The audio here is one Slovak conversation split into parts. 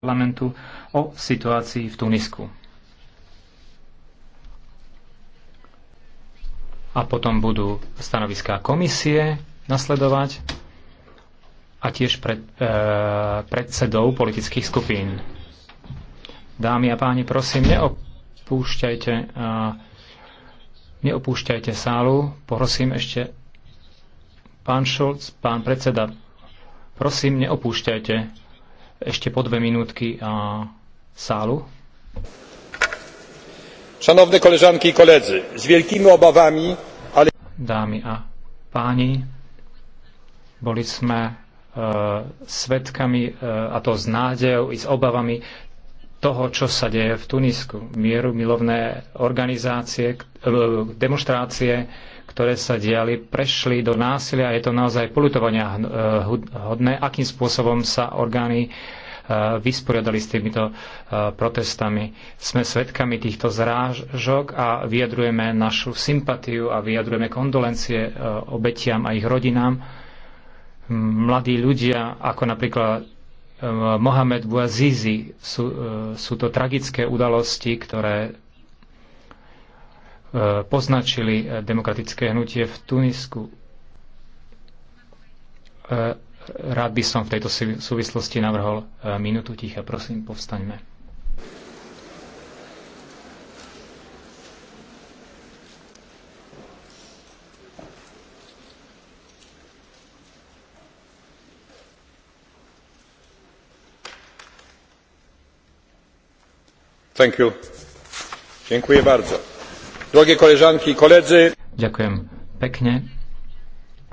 parlamentu o situácii v Tunisku. A potom budú stanoviská komisie nasledovať a tiež pred, e, predsedov politických skupín. Dámy a páni, prosím, neopúšťajte, e, neopúšťajte sálu. Prosím ešte, pán Šulc, pán predseda, prosím, neopúšťajte ešte po dve minútky a sálu. Szanowne koleżanki i koledzy, z wielkimi obawami, ale... Dámy a páni, boli sme e, svetkami, e, a to s nádejou i s obavami, toho, čo sa deje v Tunisku. Mieru milovné organizácie, e, demonstrácie, ktoré sa diali, prešli do násilia. Je to naozaj polutovania eh, hodné, akým spôsobom sa orgány eh, vysporiadali s týmito eh, protestami. Sme svedkami týchto zrážok a vyjadrujeme našu sympatiu a vyjadrujeme kondolencie obetiam a ich rodinám. Mladí ľudia, ako napríklad Mohamed Bouazizi, sú, sú to tragické udalosti, ktoré E, poznačili e, demokratické hnutie v Tunisku. E, rád by som v tejto súvislosti navrhol minútu ticha. Prosím, povstaňme. Thank you. Dziękuję bardzo. Drogie koleżanki i koledzy. Ďakujem pekne.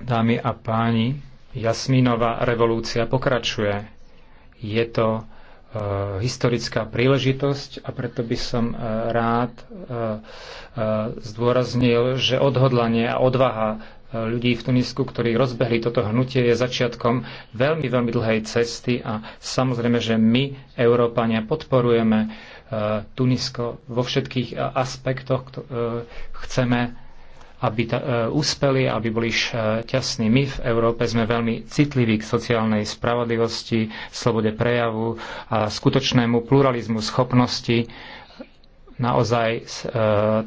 Dámy a páni, Jasmínová revolúcia pokračuje. Je to e, historická príležitosť a preto by som e, rád e, e, zdôraznil, že odhodlanie a odvaha ľudí v Tunisku, ktorí rozbehli toto hnutie, je začiatkom veľmi, veľmi dlhej cesty a samozrejme, že my, Európania, podporujeme e, Tunisko vo všetkých e, aspektoch. E, chceme, aby ta, uspeli, aby boli šťastní. My v Európe sme veľmi citliví k sociálnej spravodlivosti, slobode prejavu a skutočnému pluralizmu schopnosti naozaj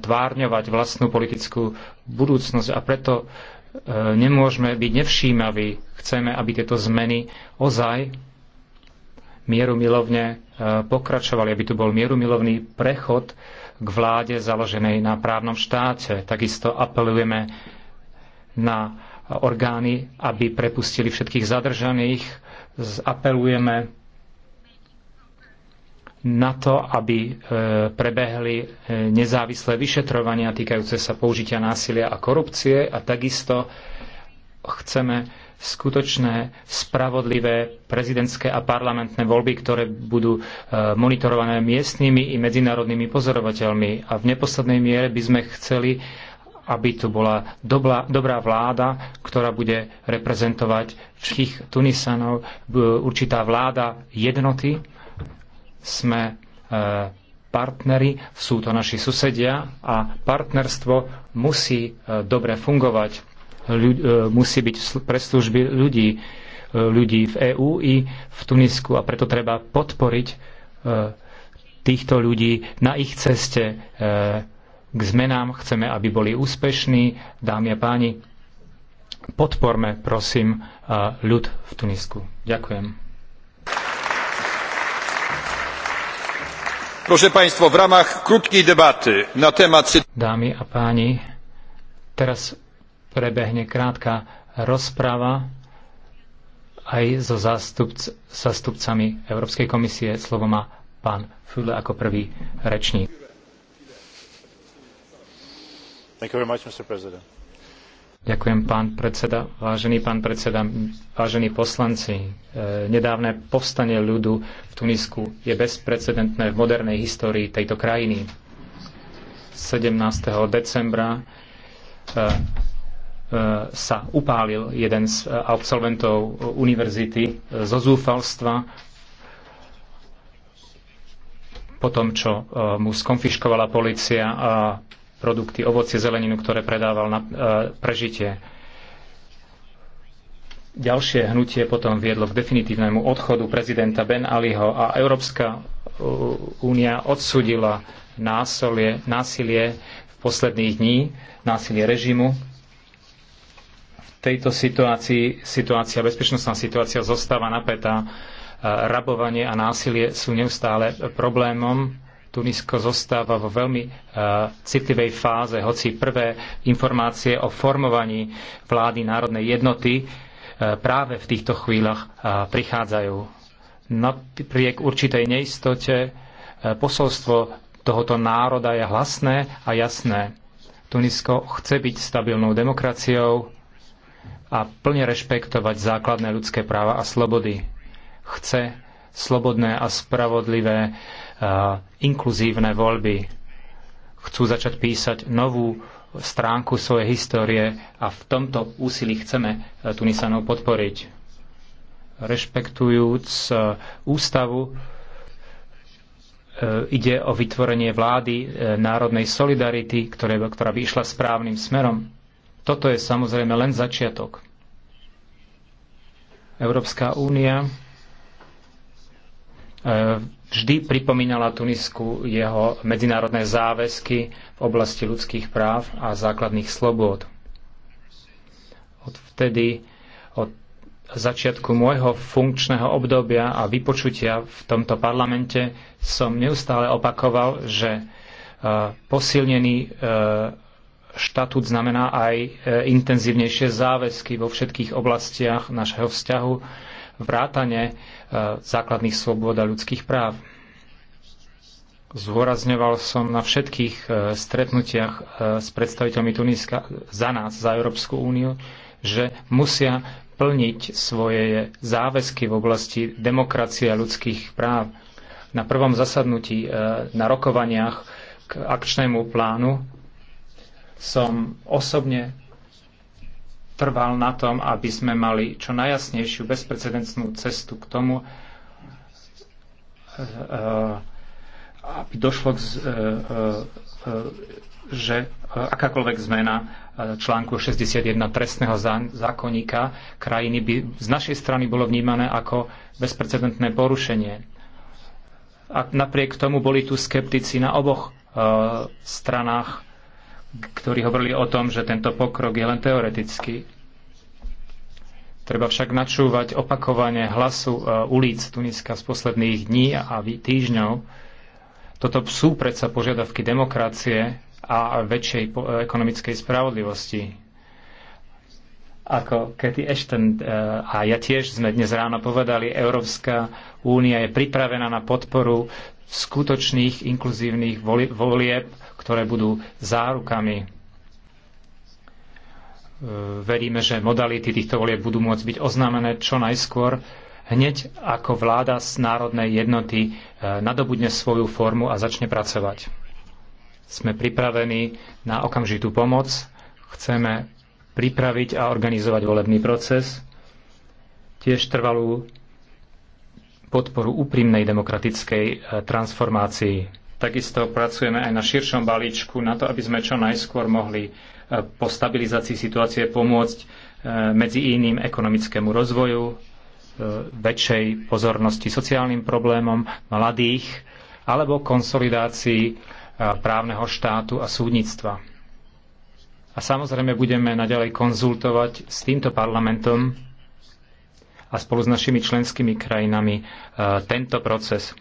tvárňovať vlastnú politickú budúcnosť a preto E, nemôžeme byť nevšímaví. Chceme, aby tieto zmeny ozaj mierumilovne e, pokračovali, aby tu bol mierumilovný prechod k vláde založenej na právnom štáte. Takisto apelujeme na orgány, aby prepustili všetkých zadržaných. Apelujeme na to, aby e, prebehli e, nezávislé vyšetrovania týkajúce sa použitia násilia a korupcie a takisto chceme skutočné, spravodlivé prezidentské a parlamentné voľby, ktoré budú e, monitorované miestnymi i medzinárodnými pozorovateľmi. A v neposlednej miere by sme chceli, aby tu bola dobrá, dobrá vláda, ktorá bude reprezentovať všetkých Tunisanov, určitá vláda jednoty, sme e, partneri, sú to naši susedia a partnerstvo musí e, dobre fungovať, e, musí byť pre služby ľudí, ľudí v EÚ i v Tunisku a preto treba podporiť týchto ľudí na ich ceste k zmenám. Chceme, aby boli úspešní. Dámy a páni, podporme prosím ľud v Tunisku. Ďakujem. Proszę Państwa, w ramach krótkiej debaty na temat... Dámy a páni, teraz prebehne krátka rozprava aj so zástupc, zástupcami Európskej komisie. Slovo má pán Füle ako prvý rečník. Thank you very much, Mr. President. Ďakujem, pán predseda. Vážený pán predseda, vážení poslanci, e, nedávne povstanie ľudu v Tunisku je bezprecedentné v modernej histórii tejto krajiny. 17. decembra e, e, sa upálil jeden z absolventov univerzity zo zúfalstva po tom, čo mu skonfiškovala policia produkty, ovocie, zeleninu, ktoré predával na e, prežitie. Ďalšie hnutie potom viedlo k definitívnemu odchodu prezidenta Ben Aliho a Európska e, únia odsudila násolie, násilie v posledných dní, násilie režimu. V tejto situácii situácia, bezpečnostná situácia zostáva napätá. E, rabovanie a násilie sú neustále problémom Tunisko zostáva vo veľmi e, citlivej fáze, hoci prvé informácie o formovaní vlády národnej jednoty e, práve v týchto chvíľach e, prichádzajú. Napriek určitej neistote posolstvo tohoto národa je hlasné a jasné. Tunisko chce byť stabilnou demokraciou a plne rešpektovať základné ľudské práva a slobody. Chce slobodné a spravodlivé Eh, inkluzívne voľby. Chcú začať písať novú stránku svojej histórie a v tomto úsilí chceme eh, Tunisanov podporiť. Rešpektujúc eh, ústavu, ide o vytvorenie vlády národnej solidarity, ktoré, ktorá by išla správnym smerom. Toto je samozrejme len začiatok. Európska únia E, vždy pripomínala Tunisku jeho medzinárodné záväzky v oblasti ľudských práv a základných slobôd. Od vtedy, od začiatku môjho funkčného obdobia a vypočutia v tomto parlamente som neustále opakoval, že e, posilnený e, štatút znamená aj intenzívnejšie záväzky vo všetkých oblastiach našeho vzťahu vrátane e, základných slobôd a ľudských práv. Zôrazňoval som na všetkých e, stretnutiach e, s predstaviteľmi Tuniska za nás, za Európsku úniu, že musia plniť svoje záväzky v oblasti demokracie a ľudských práv. Na prvom zasadnutí na rokovaniach k akčnému plánu som osobne trval na tom, aby sme mali čo najjasnejšiu bezprecedentnú cestu k tomu, eh, eh, aby došlo k eh, že akákoľvek zmena článku 61 trestného zákonníka krajiny by z našej strany bolo vnímané ako bezprecedentné porušenie. A napriek tomu boli tu skeptici na oboch stranách ktorí hovorili o tom, že tento pokrok je len teoretický. Treba však načúvať opakovanie hlasu e, ulic Tuniska z posledných dní a týždňov. Toto sú predsa požiadavky demokracie a väčšej e, ekonomickej spravodlivosti. Ako Cathy Ashton e, a ja tiež sme dnes ráno povedali, Európska únia je pripravená na podporu skutočných inkluzívnych volieb, ktoré budú zárukami. E, veríme, že modality týchto volieb budú môcť byť oznámené čo najskôr, hneď ako vláda z národnej jednoty e, nadobudne svoju formu a začne pracovať. Sme pripravení na okamžitú pomoc, chceme pripraviť a organizovať volebný proces, tiež trvalú podporu úprimnej demokratickej e, transformácii. Takisto pracujeme aj na širšom balíčku na to, aby sme čo najskôr mohli e, po stabilizácii situácie pomôcť e, medzi iným ekonomickému rozvoju, väčšej pozornosti sociálnym problémom mladých alebo konsolidácii právneho štátu a súdnictva. A samozrejme budeme naďalej konzultovať s týmto parlamentom a spolu s našimi členskými krajinami e, tento proces.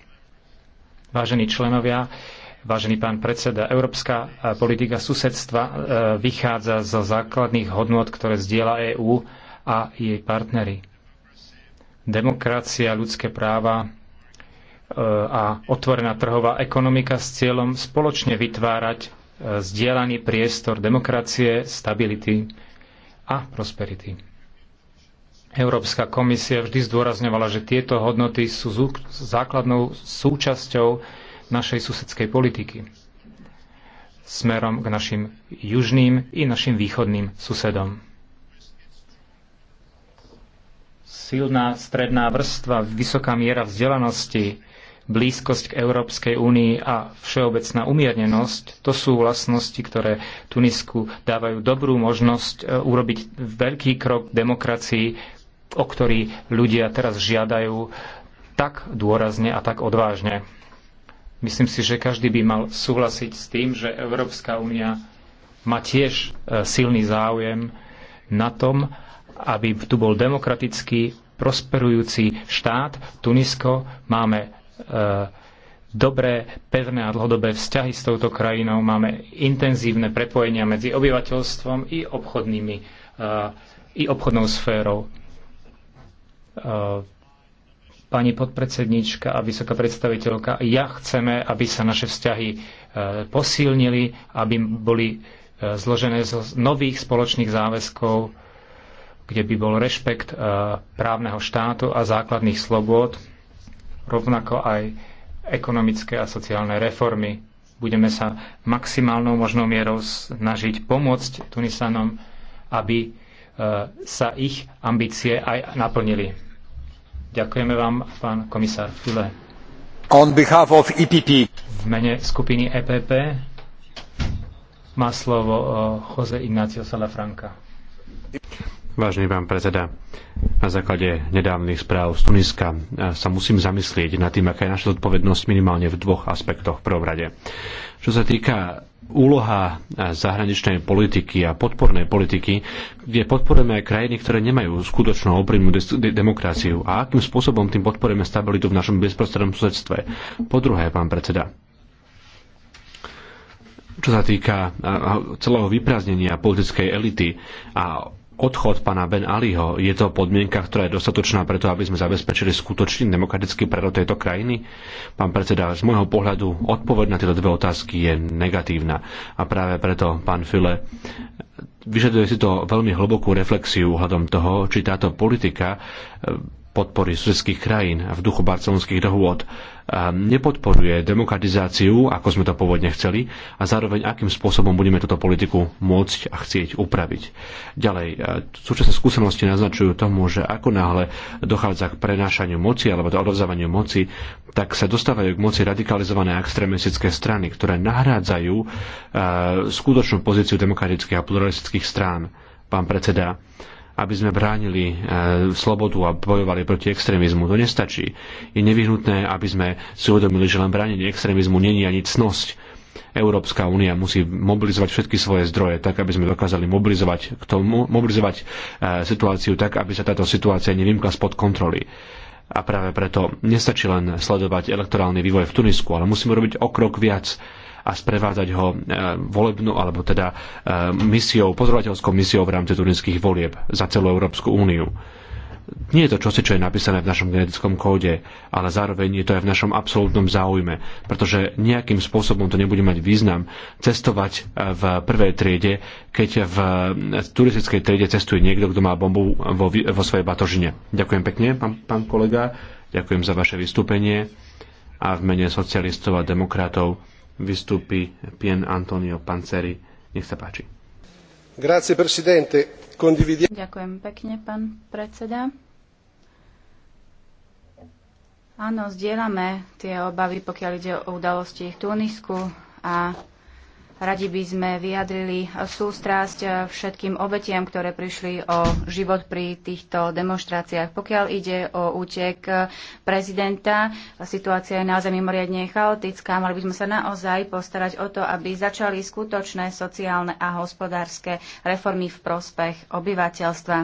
Vážení členovia, vážený pán predseda, európska e, politika susedstva e, vychádza zo základných hodnôt, ktoré zdieľa EÚ a jej partnery. Demokracia, ľudské práva a otvorená trhová ekonomika s cieľom spoločne vytvárať zdieľaný priestor demokracie, stability a prosperity. Európska komisia vždy zdôrazňovala, že tieto hodnoty sú základnou súčasťou našej susedskej politiky smerom k našim južným i našim východným susedom. Silná stredná vrstva, vysoká miera vzdelanosti, blízkosť k Európskej únii a všeobecná umiernenosť, to sú vlastnosti, ktoré Tunisku dávajú dobrú možnosť e, urobiť veľký krok demokracii o ktorý ľudia teraz žiadajú tak dôrazne a tak odvážne. Myslím si, že každý by mal súhlasiť s tým, že Európska únia má tiež e, silný záujem na tom, aby tu bol demokratický, prosperujúci štát. Tunisko máme e, dobré, pevné a dlhodobé vzťahy s touto krajinou, máme intenzívne prepojenia medzi obyvateľstvom i obchodnými e, i obchodnou sférou Ehm, pani podpredsednička a vysoká predstaviteľka, ja chceme, aby sa naše vzťahy ehm, posilnili, aby boli ehm, zložené z nových spoločných záväzkov, kde by bol rešpekt právneho štátu a základných slobôd, rovnako aj ekonomické a sociálne reformy. Budeme sa maximálnou možnou mierou snažiť pomôcť Tunisanom, aby sa ich ambície aj naplnili. Ďakujeme vám, pán komisár Fule. On behalf of EPP. V mene skupiny EPP má slovo Jose Ignacio Salafranca. Vážený pán predseda, na základe nedávnych správ z Tuniska e, sa musím zamyslieť nad tým, aká je naša zodpovednosť minimálne v dvoch aspektoch v prvom rade. Čo sa týka úloha zahraničnej politiky a podpornej politiky, kde podporujeme aj krajiny, ktoré nemajú skutočnú de- de- demokraciu a akým spôsobom tým podporujeme stabilitu v našom bezprostrednom susedstve. Po druhé, pán predseda, čo sa týka celého vyprázdnenia politickej elity a odchod pána Ben Aliho, je to podmienka, ktorá je dostatočná preto, aby sme zabezpečili skutočný demokratický prerod tejto krajiny? Pán predseda, z môjho pohľadu odpoveď na tieto dve otázky je negatívna. A práve preto, pán File, vyžaduje si to veľmi hlbokú reflexiu hľadom toho, či táto politika podpory susedských krajín v duchu barcelonských dohôd nepodporuje demokratizáciu, ako sme to pôvodne chceli, a zároveň akým spôsobom budeme túto politiku môcť a chcieť upraviť. Ďalej, súčasné skúsenosti naznačujú tomu, že ako náhle dochádza k prenášaniu moci alebo do odovzdávaniu moci, tak sa dostávajú k moci radikalizované extrémistické strany, ktoré nahrádzajú skutočnú pozíciu demokratických a pluralistických strán. Pán predseda, aby sme bránili e, slobodu a bojovali proti extrémizmu. To nestačí. Je nevyhnutné, aby sme si uvedomili, že len bránenie extrémizmu není ani cnosť. Európska únia musí mobilizovať všetky svoje zdroje, tak aby sme dokázali mobilizovať, k tomu, mobilizovať e, situáciu tak, aby sa táto situácia nevymkla spod kontroly. A práve preto nestačí len sledovať elektorálny vývoj v Tunisku, ale musíme robiť o krok viac a sprevádzať ho e, volebnú alebo teda e, misiou, pozorovateľskou misiou v rámci turinských volieb za celú Európsku úniu nie je to čosi, čo je napísané v našom genetickom kóde, ale zároveň je to aj v našom absolútnom záujme, pretože nejakým spôsobom to nebude mať význam cestovať e, v prvej triede, keď v turistickej triede cestuje niekto, kto má bombu vo, vo svojej batožine. Ďakujem pekne, pán, pán kolega, ďakujem za vaše vystúpenie a v mene socialistov a demokratov vystúpi Pien Antonio Panceri. Nech sa páči. Grazie, presidente. Condividia... Ďakujem pekne, pán predseda. Áno, zdieľame tie obavy, pokiaľ ide o udalosti v Tunisku a Radi by sme vyjadrili sústrasť všetkým obetiam, ktoré prišli o život pri týchto demonstráciách. Pokiaľ ide o útek prezidenta, situácia je naozaj mimoriadne chaotická. Mali by sme sa naozaj postarať o to, aby začali skutočné sociálne a hospodárske reformy v prospech obyvateľstva.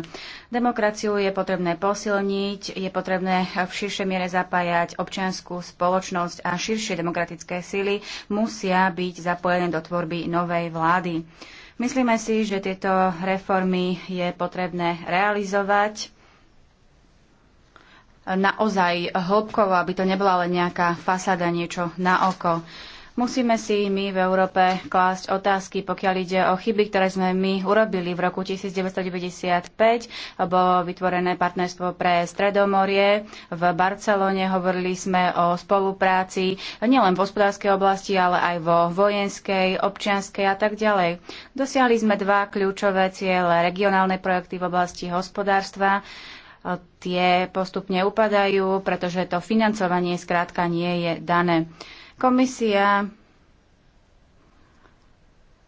Demokraciu je potrebné posilniť, je potrebné v širšej miere zapájať občianskú spoločnosť a širšie demokratické síly musia byť zapojené do tvorby tvorby novej vlády. Myslíme si, že tieto reformy je potrebné realizovať naozaj hĺbkovo, aby to nebola len nejaká fasáda, niečo na oko. Musíme si my v Európe klásť otázky, pokiaľ ide o chyby, ktoré sme my urobili. V roku 1995 bolo vytvorené partnerstvo pre Stredomorie. V Barcelone hovorili sme o spolupráci nielen v hospodárskej oblasti, ale aj vo vojenskej, občianskej a tak ďalej. Dosiahli sme dva kľúčové ciele. Regionálne projekty v oblasti hospodárstva tie postupne upadajú, pretože to financovanie skrátka nie je dané. Komisia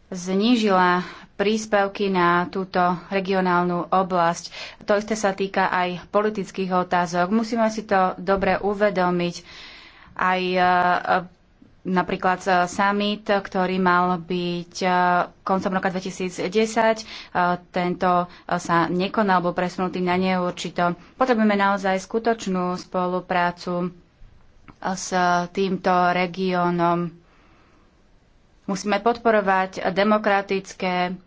znížila príspevky na túto regionálnu oblasť. To isté sa týka aj politických otázok. Musíme si to dobre uvedomiť. Aj e, e, napríklad e, summit, ktorý mal byť koncom roka 2010. Tento sa nekonal, bol presunutý na neurčito. Potrebujeme naozaj skutočnú spoluprácu s týmto regiónom. Musíme podporovať demokratické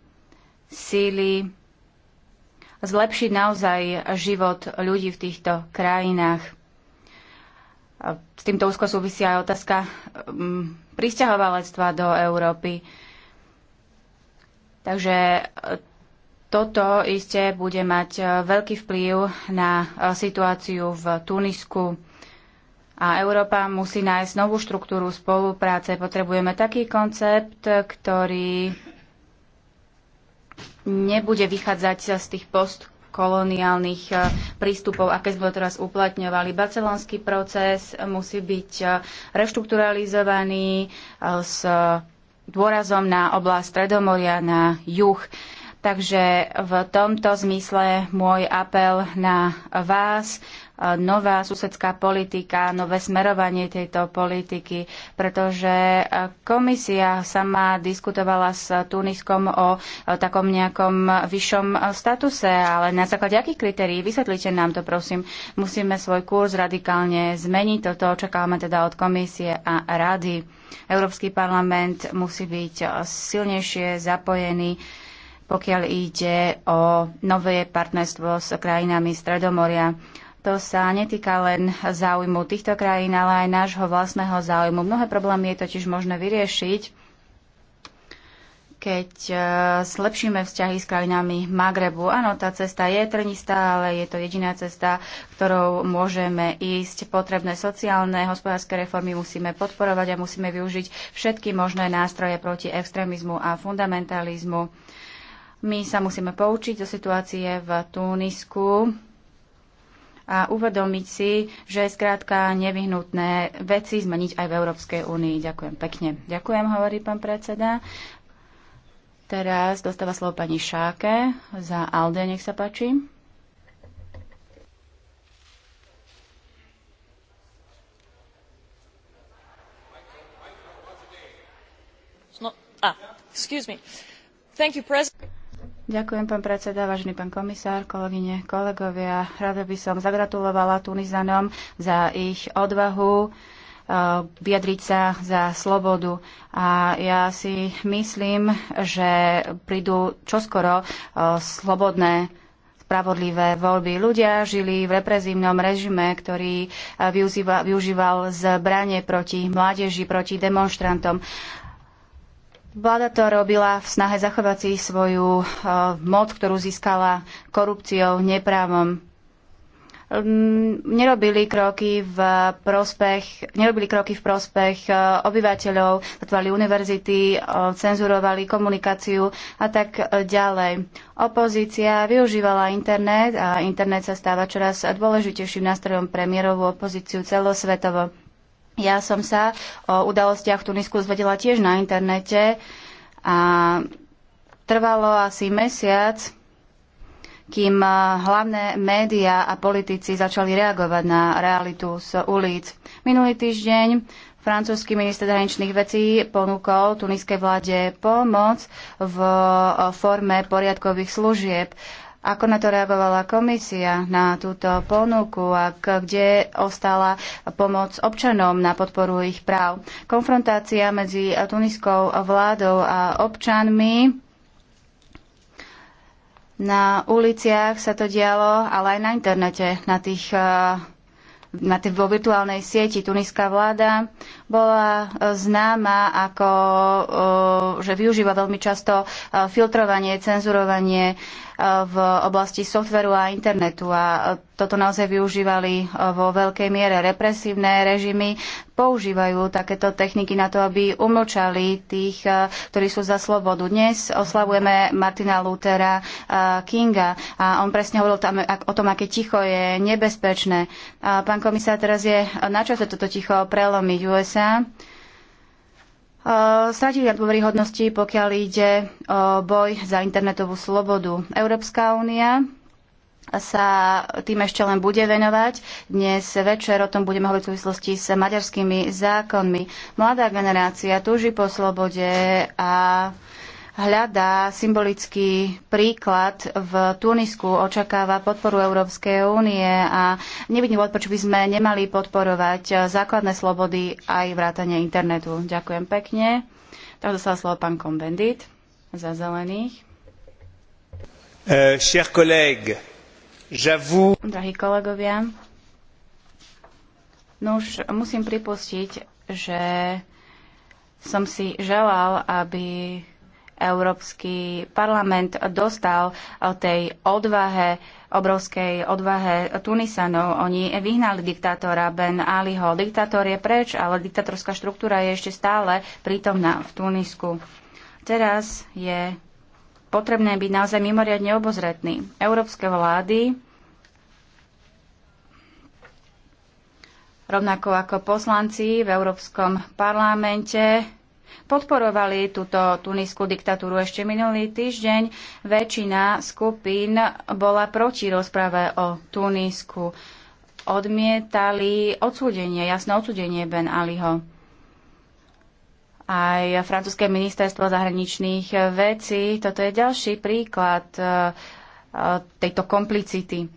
síly, zlepšiť naozaj život ľudí v týchto krajinách. S týmto úzko súvisia aj otázka um, pristahovalectva do Európy. Takže e, toto iste bude mať e, veľký vplyv na e, situáciu v Tunisku a Európa musí nájsť novú štruktúru spolupráce. Potrebujeme taký koncept, ktorý nebude vychádzať z tých post koloniálnych eh, prístupov, aké sme teraz uplatňovali. Barcelonský proces musí byť eh, reštrukturalizovaný eh, s dôrazom na oblasť Stredomoria, na juh. Takže v tomto zmysle môj apel na vás, nová susedská politika, nové smerovanie tejto politiky, pretože e, komisia sama diskutovala s Tuniskom o e, takom nejakom vyššom e, statuse, ale na základe akých kritérií? Vysvetlite nám to, prosím. Musíme svoj kurz radikálne zmeniť. Toto očakávame teda od komisie a rady. Európsky parlament musí byť silnejšie zapojený pokiaľ ide o nové partnerstvo s krajinami Stredomoria to sa netýka len záujmu týchto krajín, ale aj nášho vlastného záujmu. Mnohé problémy je totiž možné vyriešiť, keď e, zlepšíme vzťahy s krajinami Magrebu. Áno, tá cesta je trnistá, ale je to jediná cesta, ktorou môžeme ísť. Potrebné sociálne, hospodárske reformy musíme podporovať a musíme využiť všetky možné nástroje proti extrémizmu a fundamentalizmu. My sa musíme poučiť do situácie v Tunisku a uvedomiť si, že je skrátka nevyhnutné veci zmeniť aj v Európskej únii. Ďakujem pekne. Ďakujem, hovorí pán predseda. Teraz dostáva slovo pani Šáke za Alde, nech sa páči. No, ah, excuse me. Thank you, President. Ďakujem, pán predseda, vážený pán komisár, kolegyne, kolegovia. Rada by som zagratulovala Tunizanom za ich odvahu e, vyjadriť sa za slobodu. A ja si myslím, že prídu čoskoro e, slobodné spravodlivé voľby. Ľudia žili v represívnom režime, ktorý e, využíval zbranie proti mládeži, proti demonstrantom. Vláda to robila v snahe zachovať si svoju e, moc, ktorú získala korupciou, neprávom. Mm, nerobili kroky v prospech, nerobili kroky v prospech e, obyvateľov, zatvali univerzity, e, cenzurovali komunikáciu a tak ďalej. Opozícia využívala internet a internet sa stáva čoraz dôležitejším nástrojom pre mierovú opozíciu celosvetovo. Ja som sa o udalostiach v Tunisku zvedela tiež na internete a trvalo asi mesiac, kým eh, hlavné médiá a politici začali reagovať na realitu z ulic. Minulý týždeň francúzsky minister zahraničných vecí ponúkol tuniskej vláde pomoc v eh, forme poriadkových služieb. Ako na to reagovala komisia na túto ponuku a kde ostala pomoc občanom na podporu ich práv? Konfrontácia medzi tuniskou vládou a občanmi na uliciach sa to dialo, ale aj na internete, na tých eh, na tých vo virtuálnej sieti tuniská vláda bola e, známa ako, e, že využíva veľmi často e, filtrovanie, cenzurovanie v oblasti softveru a internetu a toto naozaj využívali vo veľkej miere represívne režimy. Používajú takéto techniky na to, aby umlčali tých, ktorí sú za slobodu. Dnes oslavujeme Martina Luthera Kinga a on presne hovoril tam, o tom, aké ticho je nebezpečné. pán komisár, teraz je na čase toto ticho prelomiť. USA sa e, stratili dôveryhodnosti, pokiaľ ide o boj za internetovú slobodu. Európska únia sa tým ešte len bude venovať. Dnes večer o tom budeme hovoriť v súvislosti s maďarskými zákonmi. Mladá generácia túži po slobode a hľadá symbolický príklad v Tunisku, očakáva podporu Európskej únie a nevidím prečo by sme nemali podporovať základné slobody aj vrátanie internetu. Ďakujem pekne. Tak dostal slovo pán Kombendit za zelených. Uh, chers collègues, j'avoue... Drahí kolegovia, no už musím pripustiť, že som si želal, aby Európsky parlament dostal eh, tej odvahe, obrovskej odvahe Tunisanov. Oni vyhnali diktátora Ben Aliho. Diktátor je preč, ale diktatorská štruktúra je ešte stále prítomná v Tunisku. Teraz je potrebné byť naozaj mimoriadne obozretný. Európske vlády rovnako ako poslanci v Európskom parlamente podporovali túto tunískú diktatúru. Ešte minulý týždeň väčšina skupín bola proti rozprave o Tunisku, Odmietali odsúdenie, jasné odsúdenie Ben Aliho. Aj francúzske ministerstvo zahraničných vecí, toto je ďalší príklad e, e, tejto komplicity.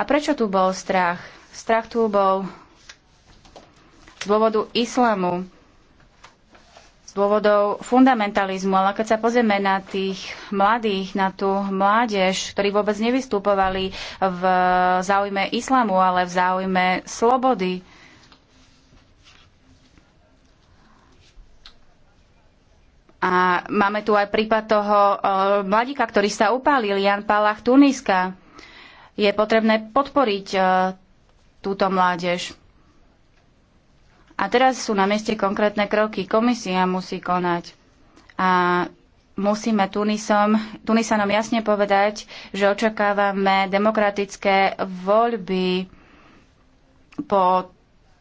A prečo tu bol strach? Strach tu bol z dôvodu islamu z dôvodov fundamentalizmu. Ale keď sa pozrieme na tých mladých, na tú mládež, ktorí vôbec nevystupovali v záujme islamu, ale v záujme slobody, A máme tu aj prípad toho e, mladíka, ktorý sa upálil, Jan Palach Tuniska. Je potrebné podporiť e, túto mládež. A teraz sú na mieste konkrétne kroky. Komisia musí konať. A musíme Tunisom, Tunisanom jasne povedať, že očakávame demokratické voľby po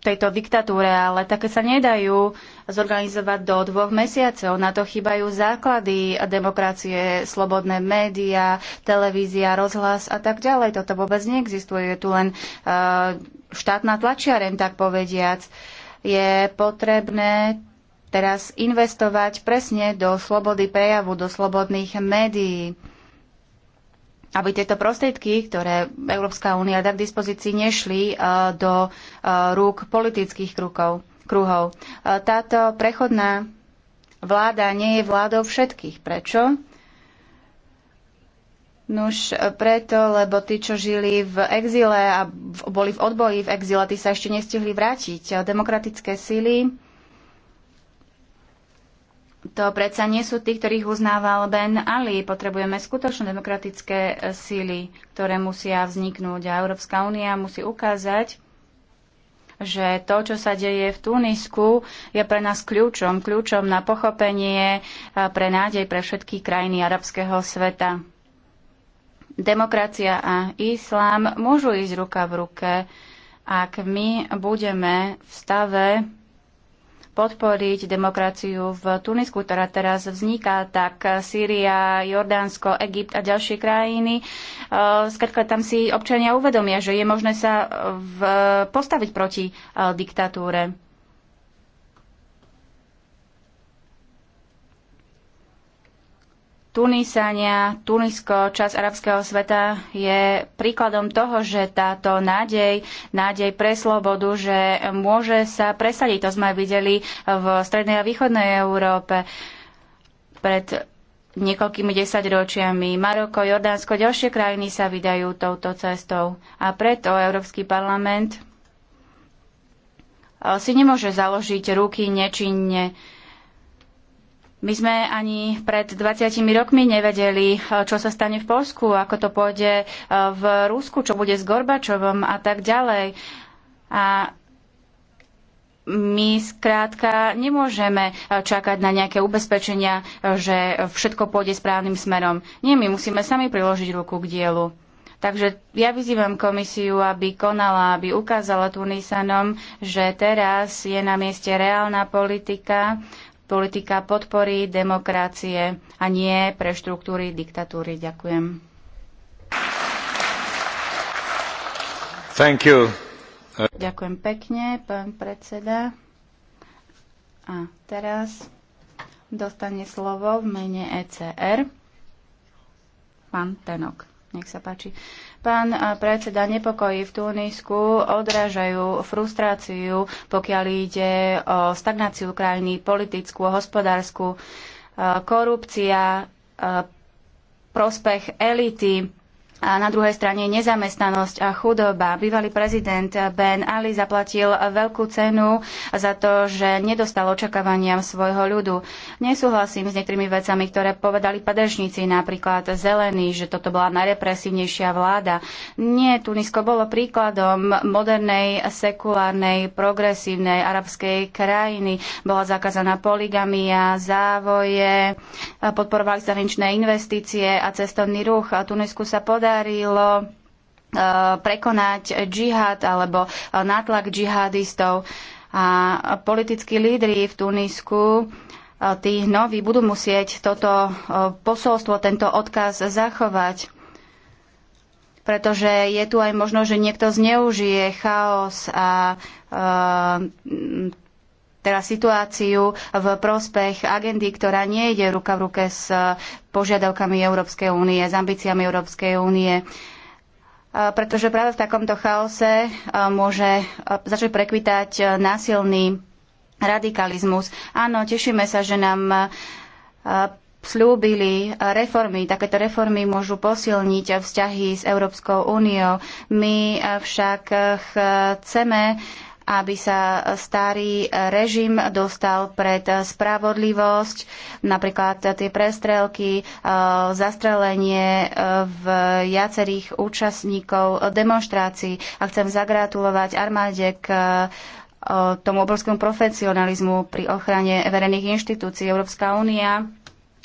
tejto diktatúre, ale také sa nedajú zorganizovať do dvoch mesiacov. Na to chýbajú základy demokracie, slobodné médiá, televízia, rozhlas a tak ďalej. Toto vôbec neexistuje. Je tu len uh, štátna tlačiareň, tak povediac. Uh, je potrebné teraz investovať presne do slobody prejavu, do slobodných médií aby tieto prostriedky, ktoré Európska únia dá k dispozícii, nešli e, do e, rúk politických krukov, kruhov. E, táto prechodná vláda nie je vládou všetkých. Prečo? Nuž e, preto, lebo tí, čo žili v exile a boli v odboji v exile, tí sa ešte nestihli vrátiť. Demokratické síly to predsa nie sú tí, ktorých uznával Ben Ali. Potrebujeme skutočne demokratické e, síly, ktoré musia vzniknúť. A Európska únia musí ukázať, že to, čo sa deje v Tunisku, je pre nás kľúčom, kľúčom na pochopenie, pre nádej pre všetky krajiny arabského sveta demokracia a islám môžu ísť ruka v ruke, ak my budeme v stave podporiť demokraciu v Tunisku, ktorá teraz vzniká, tak Sýria, Jordánsko, Egypt a ďalšie krajiny. Skrátka eh, tam si občania uvedomia, že je možné sa v, postaviť proti eh, diktatúre. Tunisania, Tunisko, čas arabského sveta je príkladom toho, že táto nádej, nádej pre slobodu, že môže sa presadiť. To sme videli v strednej a východnej Európe pred niekoľkými desaťročiami. Maroko, Jordánsko, ďalšie krajiny sa vydajú touto cestou. A preto Európsky parlament e, si nemôže založiť ruky nečinne my sme ani pred 20 rokmi nevedeli, eh, čo sa stane v Polsku, ako to pôjde eh, v Rusku, čo bude s Gorbačovom a tak ďalej. A my skrátka nemôžeme eh, čakať na nejaké ubezpečenia, že všetko pôjde správnym smerom. Nie, my musíme sami priložiť ruku k dielu. Takže ja vyzývam komisiu, aby konala, aby ukázala Tunisanom, že teraz je na mieste reálna politika, politika podpory demokracie a nie pre štruktúry diktatúry. Ďakujem. Thank you. Ďakujem pekne, pán predseda. A teraz dostane slovo v mene ECR pán Tenok. Nech sa páči. Pán predseda, nepokojí v Tunisku odrážajú frustráciu, pokiaľ ide o stagnáciu krajiny, politickú, hospodárskú, korupcia, prospech elity, a na druhej strane nezamestnanosť a chudoba. Bývalý prezident Ben Ali zaplatil veľkú cenu za to, že nedostal očakávaniam svojho ľudu. Nesúhlasím s niektorými vecami, ktoré povedali padežníci, napríklad zelení, že toto bola najrepresívnejšia vláda. Nie, Tunisko bolo príkladom modernej, sekulárnej, progresívnej arabskej krajiny. Bola zakázaná poligamia, závoje, podporovali zahraničné investície a cestovný ruch. Tunisku sa podarilo e, prekonať džihad alebo e, nátlak džihadistov. A politickí lídri v Tunisku e, tí noví budú musieť toto posolstvo, tento odkaz zachovať. Pretože je tu aj možno, že niekto zneužije chaos a teda situáciu v prospech agendy, ktorá nie ide ruka v ruke s požiadavkami Európskej únie, s ambíciami Európskej únie pretože práve v takomto chaose môže začať prekvitať násilný radikalizmus. Áno, tešíme sa, že nám slúbili reformy. Takéto reformy môžu posilniť vzťahy s Európskou úniou. My však chceme aby sa starý režim dostal pred spravodlivosť, napríklad tie prestrelky, e, zastrelenie e, v viacerých účastníkov demonstrácií. A chcem zagratulovať armáde k e, tomu obrovskému profesionalizmu pri ochrane verejných inštitúcií. Európska únia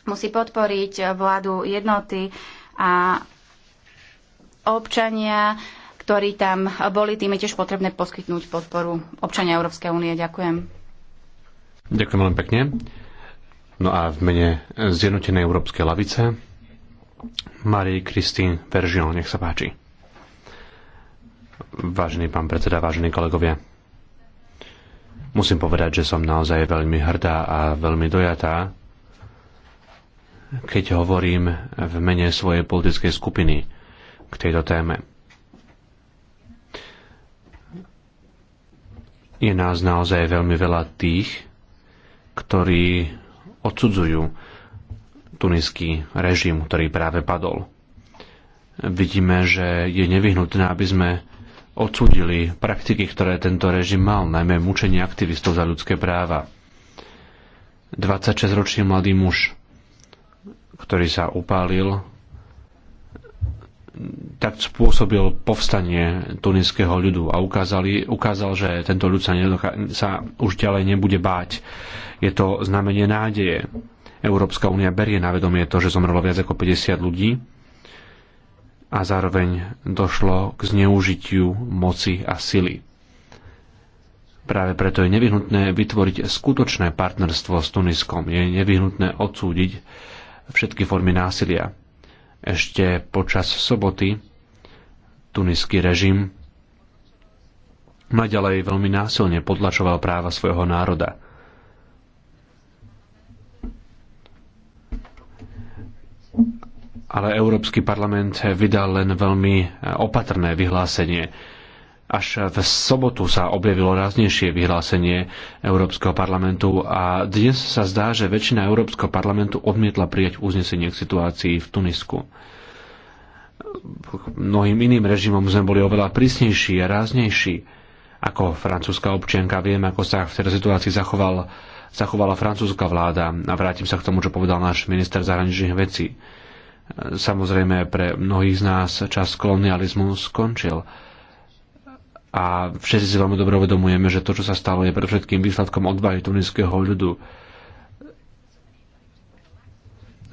musí podporiť vládu jednoty a občania ktorí tam boli. Tým je tiež potrebné poskytnúť podporu občania Európskej únie. Ďakujem. Ďakujem veľmi pekne. No a v mene Zjednotenej Európskej lavice Marie Kristín Veržion, nech sa páči. Vážený pán predseda, vážení kolegovia, musím povedať, že som naozaj veľmi hrdá a veľmi dojatá, keď hovorím v mene svojej politickej skupiny k tejto téme. Je nás naozaj veľmi veľa tých, ktorí odsudzujú tuniský režim, ktorý práve padol. Vidíme, že je nevyhnutné, aby sme odsudili praktiky, ktoré tento režim mal, najmä mučenie aktivistov za ľudské práva. 26-ročný mladý muž, ktorý sa upálil tak spôsobil povstanie tuniského ľudu a ukázali, ukázal, že tento ľud sa, nedoká- sa už ďalej nebude báť. Je to znamenie nádeje. Európska únia berie na vedomie to, že zomrelo viac ako 50 ľudí a zároveň došlo k zneužitiu moci a sily. Práve preto je nevyhnutné vytvoriť skutočné partnerstvo s Tuniskom. Je nevyhnutné odsúdiť všetky formy násilia ešte počas soboty tuniský režim naďalej veľmi násilne potlačoval práva svojho národa. Ale Európsky parlament vydal len veľmi opatrné vyhlásenie až v sobotu sa objavilo ráznejšie vyhlásenie Európskeho parlamentu a dnes sa zdá, že väčšina Európskeho parlamentu odmietla prijať uznesenie k situácii v Tunisku mnohým iným režimom sme boli oveľa prísnejší a ráznejší. Ako francúzska občianka viem, ako sa v tej situácii zachoval, zachovala francúzska vláda a vrátim sa k tomu, čo povedal náš minister zahraničných vecí. Samozrejme, pre mnohých z nás čas kolonializmu skončil a všetci si veľmi dobre uvedomujeme, že to, čo sa stalo, je predovšetkým výsledkom odvahy tuniského ľudu.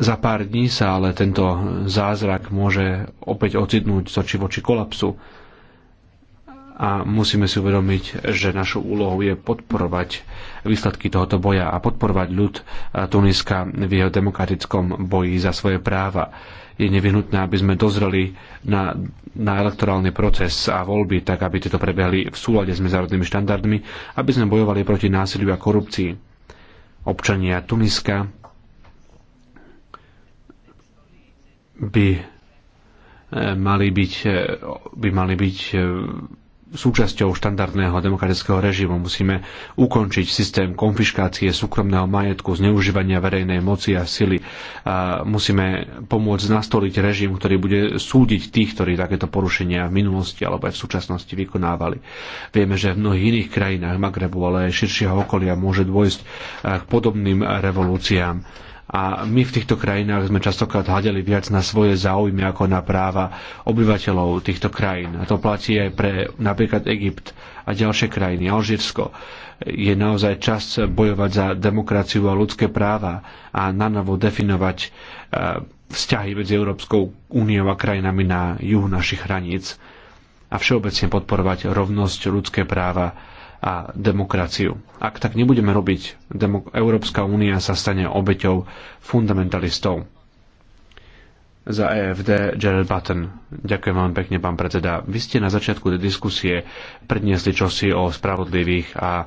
Za pár dní sa ale tento zázrak môže opäť ocitnúť z oči voči kolapsu. A musíme si uvedomiť, že našou úlohou je podporovať výsledky tohoto boja a podporovať ľud Tuniska v jeho demokratickom boji za svoje práva je nevyhnutné, aby sme dozreli na, na elektorálny proces a voľby, tak aby tieto prebehli v súlade s medzinárodnými štandardmi, aby sme bojovali proti násiliu a korupcii. Občania Tuniska by eh, mali byť, eh, by mali byť eh, súčasťou štandardného demokratického režimu. Musíme ukončiť systém konfiškácie súkromného majetku, zneužívania verejnej moci a sily. A musíme pomôcť nastoliť režim, ktorý bude súdiť tých, ktorí takéto porušenia v minulosti alebo aj v súčasnosti vykonávali. Vieme, že v mnohých iných krajinách Magrebu, ale aj širšieho okolia môže dôjsť k podobným revolúciám a my v týchto krajinách sme častokrát hľadeli viac na svoje záujmy ako na práva obyvateľov týchto krajín. A to platí aj pre napríklad Egypt a ďalšie krajiny, Alžírsko. Je naozaj čas bojovať za demokraciu a ľudské práva a nanovo definovať e, vzťahy medzi Európskou úniou a krajinami na juhu našich hraníc a všeobecne podporovať rovnosť ľudské práva a demokraciu. Ak tak nebudeme robiť, Európska únia sa stane obeťou fundamentalistov. Za EFD Gerald Button. Ďakujem vám pekne, pán predseda. Vy ste na začiatku diskusie predniesli čosi o spravodlivých a e,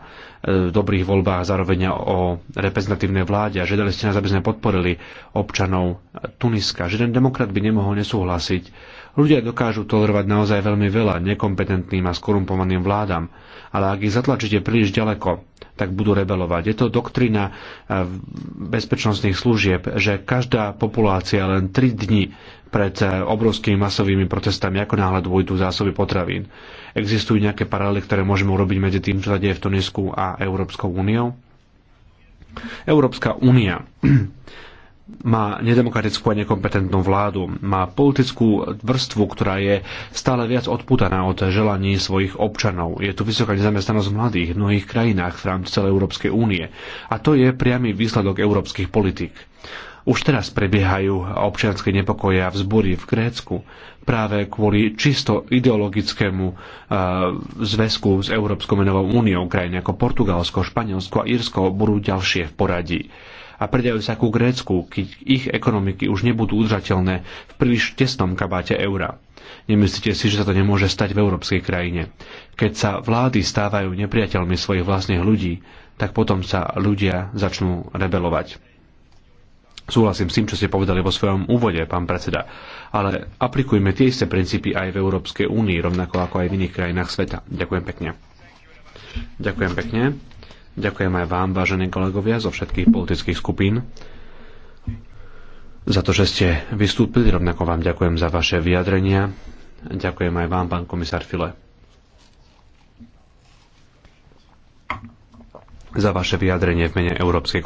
dobrých voľbách, zároveň o reprezentatívnej vláde a žiadali ste nás, aby sme podporili občanov Tuniska. Žiaden demokrat by nemohol nesúhlasiť Ľudia dokážu tolerovať naozaj veľmi veľa nekompetentným a skorumpovaným vládam, ale ak ich zatlačíte príliš ďaleko, tak budú rebelovať. Je to doktrína eh, bezpečnostných služieb, že každá populácia len 3 dní pred eh, obrovskými masovými protestami, ako náhle dôjdu zásoby potravín. Existujú nejaké paralely, ktoré môžeme urobiť medzi tým, čo sa deje v Tunisku a Európskou úniou? Európska únia má nedemokratickú a nekompetentnú vládu, má politickú vrstvu, ktorá je stále viac odputaná od želaní svojich občanov. Je tu vysoká nezamestnanosť mladých v mnohých krajinách v rámci celej Európskej únie a to je priamy výsledok európskych politik. Už teraz prebiehajú občianske nepokoje a vzbory v Grécku práve kvôli čisto ideologickému uh, zväzku s Európskou menovou úniou. Krajiny ako Portugalsko, Španielsko a Írsko budú ďalšie v poradí a predajú sa ku Grécku, keď ich ekonomiky už nebudú udržateľné v príliš tesnom kabáte eura. Nemyslíte si, že sa to nemôže stať v európskej krajine. Keď sa vlády stávajú nepriateľmi svojich vlastných ľudí, tak potom sa ľudia začnú rebelovať. Súhlasím s tým, čo ste povedali vo svojom úvode, pán predseda, ale aplikujme tie isté princípy aj v Európskej únii, rovnako ako aj v iných krajinách sveta. Ďakujem pekne. Ďakujem pekne. Ďakujem aj vám, vážení kolegovia zo všetkých politických skupín, za to, že ste vystúpili. Rovnako vám ďakujem za vaše vyjadrenia. Ďakujem aj vám, pán komisár File, za vaše vyjadrenie v mene Európskej